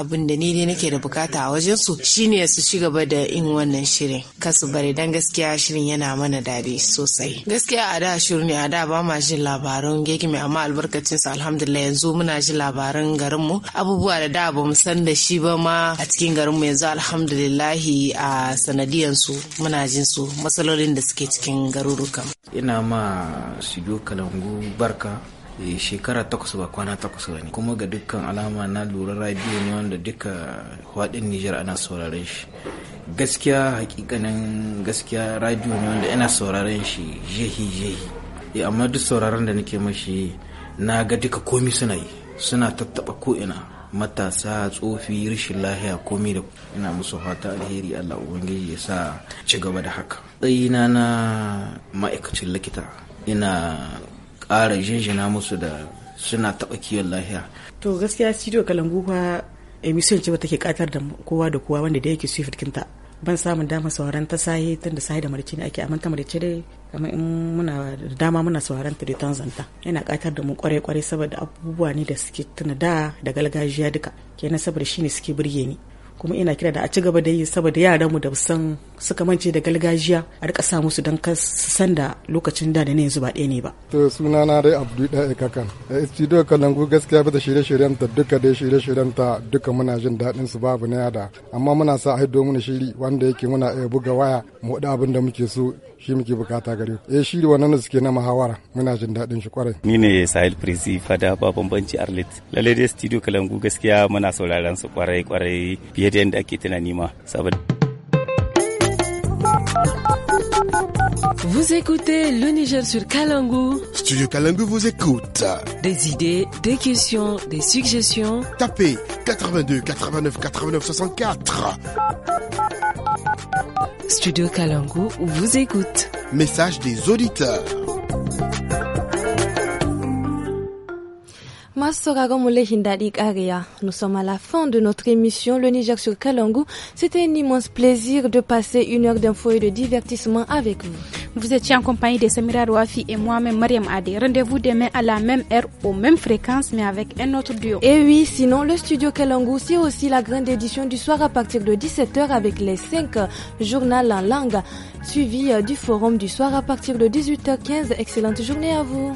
abun da ni dai nake da bukata a wajen su shine su ci gaba da in wannan shirin kasu bare dan gaskiya shirin yana mana dadi sosai gaskiya a da shiru ne a da ba ma jin labaran gegime amma albarkacin sa alhamdulillah yanzu muna jin labaran garin mu abubuwa da da ba mu san da shi ba ma a cikin garin mu yanzu alhamdulillah a sanadiyan su muna jin su matsalolin da suke cikin garuruka. Ina ma Sido Kalangu barka eh, shekara takwas ba kwana takwas ba ne kuma ga dukkan alama na lura radio ne wanda duka faɗin Nijar ana sauraren shi gaskiya hakikanin gaskiya radio ne wanda ina sauraren shi jehi jehi eh, amma duk sauraron da nake mashi na ga duka komi suna yi suna tattaba ko ina matasa tsofi rashin lahiya komi da ina musu fata alheri Allah ubangiji ya sa ci gaba da haka matsayina na ma'aikacin likita ina ƙara jinjina musu da suna taɓa kiwon lahiya to gaskiya cido kalangu kuwa emission ce ba take katar da kowa da kowa wanda da yake swift kinta ban samun dama sauran ta sahi tun da sahi da marci ne ake amanta marci dai kamar in muna da dama muna sauran ta da tanzanta yana katar da mu kwarai kwarai saboda abubuwa ne da suke tuna da da galgajiya duka kenan saboda shine suke burge ni kuma ina kira da a ci gaba da yi saboda yaran mu da san suka mance da galgajiya a rika sa musu don ka san da lokacin da ne yanzu ba ɗaya ne ba to suna na dai abdu da kakan studio kalangu gaskiya ba da shirye-shiryen ta duka dai shirye-shiryen ta duka muna jin daɗin su babu na yada amma muna sa a haido shiri wanda yake muna iya buga waya mu abin da muke so shi muke bukata gare ku eh shi wannan suke na muhawara muna jin daɗin shi kwarai ni ne Sahil Prezi fada ba bambanci Arlet lalle dai studio Kalangu gaskiya muna sauraron su kwarai kwarai fiye da yadda ake tunani ma saboda Vous écoutez le Niger sur Kalangu. Studio Kalangu vous écoute. Des idées, des questions, des suggestions. Tapez 82 89 89 64. Studio Kalangu vous écoute. Message des auditeurs. Nous sommes à la fin de notre émission Le Niger sur Kalangu. C'était un immense plaisir de passer une heure d'info et de divertissement avec vous. Vous étiez en compagnie de Samira Rouafi et moi-même Mariam Adé. Rendez-vous demain à la même heure, aux mêmes fréquences, mais avec un autre duo. Et oui, sinon, le studio Kelangu, c'est aussi la grande édition du soir à partir de 17h avec les 5 journaux en langue, suivi euh, du forum du soir à partir de 18h15. Excellente journée à vous.